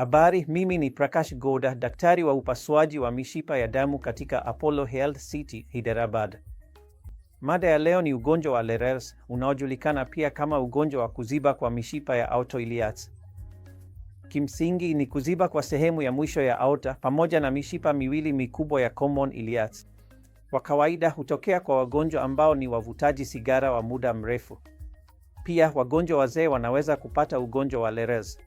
Habari, mimi ni Prakash Goda, daktari wa upasuaji wa mishipa ya damu katika Apollo Health City, Hyderabad. Mada ya leo ni ugonjwa wa Leros unaojulikana pia kama ugonjwa wa kuziba kwa mishipa ya aorta Kimsingi ni kuziba kwa sehemu ya mwisho ya aorta pamoja na mishipa miwili mikubwa ya common iliac. Kwa kawaida hutokea kwa wagonjwa ambao ni wavutaji sigara wa muda mrefu. Pia wagonjwa wazee wanaweza kupata ugonjwa wa Leros.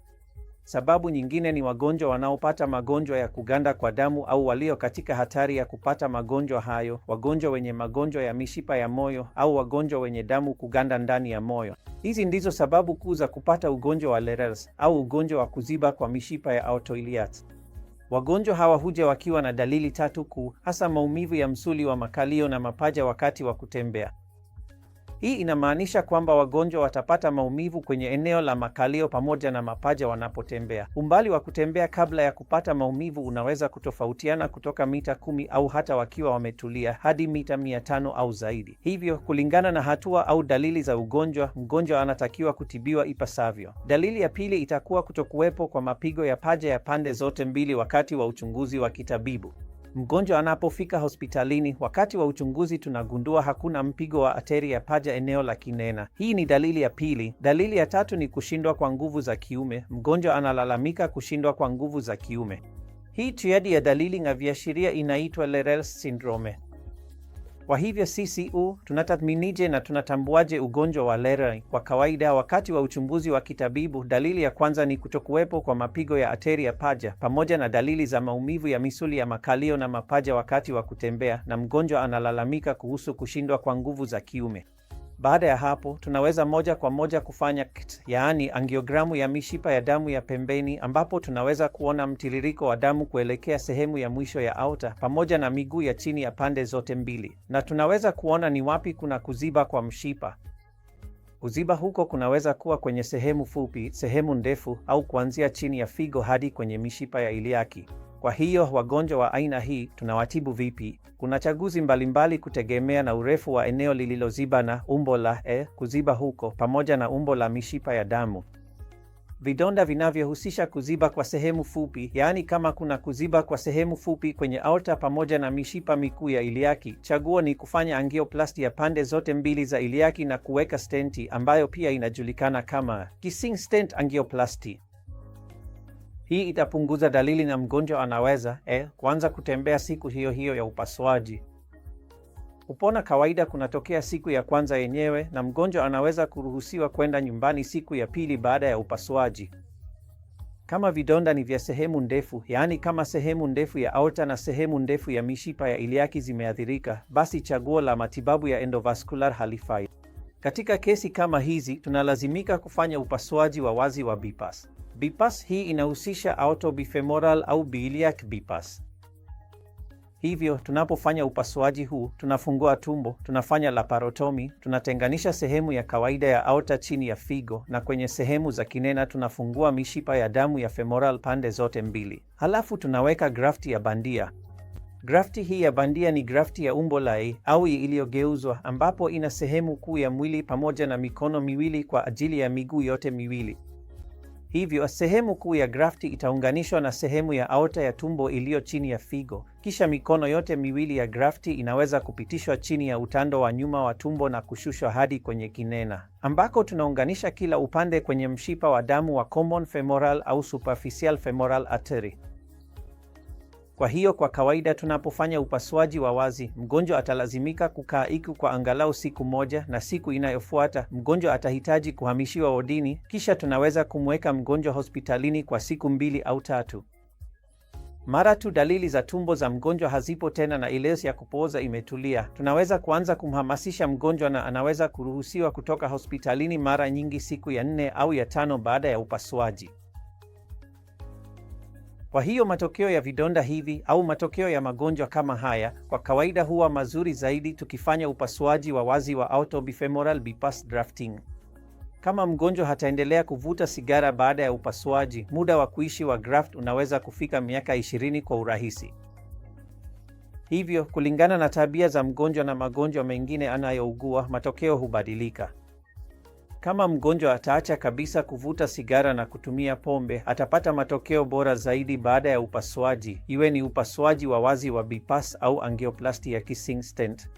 Sababu nyingine ni wagonjwa wanaopata magonjwa ya kuganda kwa damu au walio katika hatari ya kupata magonjwa hayo, wagonjwa wenye magonjwa ya mishipa ya moyo au wagonjwa wenye damu kuganda ndani ya moyo. Hizi ndizo sababu kuu za kupata ugonjwa wa lerels au ugonjwa wa kuziba kwa mishipa ya autoiliat Wagonjwa hawa huja wakiwa na dalili tatu kuu, hasa maumivu ya msuli wa makalio na mapaja wakati wa kutembea. Hii inamaanisha kwamba wagonjwa watapata maumivu kwenye eneo la makalio pamoja na mapaja wanapotembea. Umbali wa kutembea kabla ya kupata maumivu unaweza kutofautiana kutoka mita kumi au hata wakiwa wametulia hadi mita mia tano au zaidi. Hivyo, kulingana na hatua au dalili za ugonjwa, mgonjwa anatakiwa kutibiwa ipasavyo. Dalili ya pili itakuwa kutokuwepo kwa mapigo ya paja ya pande zote mbili wakati wa uchunguzi wa kitabibu. Mgonjwa anapofika hospitalini wakati wa uchunguzi, tunagundua hakuna mpigo wa ateri ya paja eneo la kinena. Hii ni dalili ya pili. Dalili ya tatu ni kushindwa kwa nguvu za kiume. Mgonjwa analalamika kushindwa kwa nguvu za kiume. Hii triadi ya dalili na viashiria inaitwa Lerels syndrome. Kwa hivyo CCU tunatathminije na tunatambuaje ugonjwa wa Leroy? Kwa kawaida, wakati wa uchunguzi wa kitabibu, dalili ya kwanza ni kutokuwepo kwa mapigo ya ateri ya paja pamoja na dalili za maumivu ya misuli ya makalio na mapaja wakati wa kutembea, na mgonjwa analalamika kuhusu kushindwa kwa nguvu za kiume. Baada ya hapo, tunaweza moja kwa moja kufanya CT, yaani angiogramu ya mishipa ya damu ya pembeni, ambapo tunaweza kuona mtiririko wa damu kuelekea sehemu ya mwisho ya aorta pamoja na miguu ya chini ya pande zote mbili, na tunaweza kuona ni wapi kuna kuziba kwa mshipa. Kuziba huko kunaweza kuwa kwenye sehemu fupi, sehemu ndefu, au kuanzia chini ya figo hadi kwenye mishipa ya iliaki. Kwa hiyo wagonjwa wa aina hii tunawatibu vipi? Kuna chaguzi mbalimbali kutegemea na urefu wa eneo lililoziba na umbo la e, kuziba huko pamoja na umbo la mishipa ya damu. Vidonda vinavyohusisha kuziba kwa sehemu fupi, yaani kama kuna kuziba kwa sehemu fupi kwenye aorta pamoja na mishipa mikuu ya iliaki, chaguo ni kufanya angioplasti ya pande zote mbili za iliaki na kuweka stenti ambayo pia inajulikana kama kissing stent angioplasti. Hii itapunguza dalili na mgonjwa anaweza eh, kuanza kutembea siku hiyo hiyo ya upasuaji. Kupona kawaida kunatokea siku ya kwanza yenyewe na mgonjwa anaweza kuruhusiwa kwenda nyumbani siku ya pili baada ya upasuaji. Kama vidonda ni vya sehemu ndefu, yaani kama sehemu ndefu ya aorta na sehemu ndefu ya mishipa ya iliaki zimeathirika, basi chaguo la matibabu ya endovascular halifai. Katika kesi kama hizi, tunalazimika kufanya upasuaji wa wazi wa bypass. Bypass hii inahusisha aorta bifemoral au biliac bypass. Hivyo tunapofanya upasuaji huu, tunafungua tumbo, tunafanya laparotomi, tunatenganisha sehemu ya kawaida ya aorta chini ya figo, na kwenye sehemu za kinena tunafungua mishipa ya damu ya femoral pande zote mbili. Halafu tunaweka grafti ya bandia. Grafti hii ya bandia ni grafti ya umbo la A au iliyogeuzwa, ambapo ina sehemu kuu ya mwili pamoja na mikono miwili kwa ajili ya miguu yote miwili. Hivyo sehemu kuu ya grafti itaunganishwa na sehemu ya aorta ya tumbo iliyo chini ya figo, kisha mikono yote miwili ya grafti inaweza kupitishwa chini ya utando wa nyuma wa tumbo na kushushwa hadi kwenye kinena, ambako tunaunganisha kila upande kwenye mshipa wa damu wa common femoral au superficial femoral artery. Kwa hiyo kwa kawaida tunapofanya upasuaji wa wazi, mgonjwa atalazimika kukaa ICU kwa angalau siku moja, na siku inayofuata mgonjwa atahitaji kuhamishiwa wodini, kisha tunaweza kumweka mgonjwa hospitalini kwa siku mbili au tatu. Mara tu dalili za tumbo za mgonjwa hazipo tena na ile ya kupooza imetulia, tunaweza kuanza kumhamasisha mgonjwa na anaweza kuruhusiwa kutoka hospitalini mara nyingi siku ya nne au ya tano baada ya upasuaji. Kwa hiyo matokeo ya vidonda hivi au matokeo ya magonjwa kama haya kwa kawaida huwa mazuri zaidi tukifanya upasuaji wa wazi wa autobifemoral bifemoral bypass Kama mgonjwa hataendelea kuvuta sigara baada ya upasuaji, muda wa kuishi wa graft unaweza kufika miaka 20 kwa urahisi. Hivyo, kulingana na tabia za mgonjwa na magonjwa mengine anayougua, matokeo hubadilika. Kama mgonjwa ataacha kabisa kuvuta sigara na kutumia pombe, atapata matokeo bora zaidi baada ya upasuaji, iwe ni upasuaji wa wazi wa bypass au angioplasti ya kissing stent.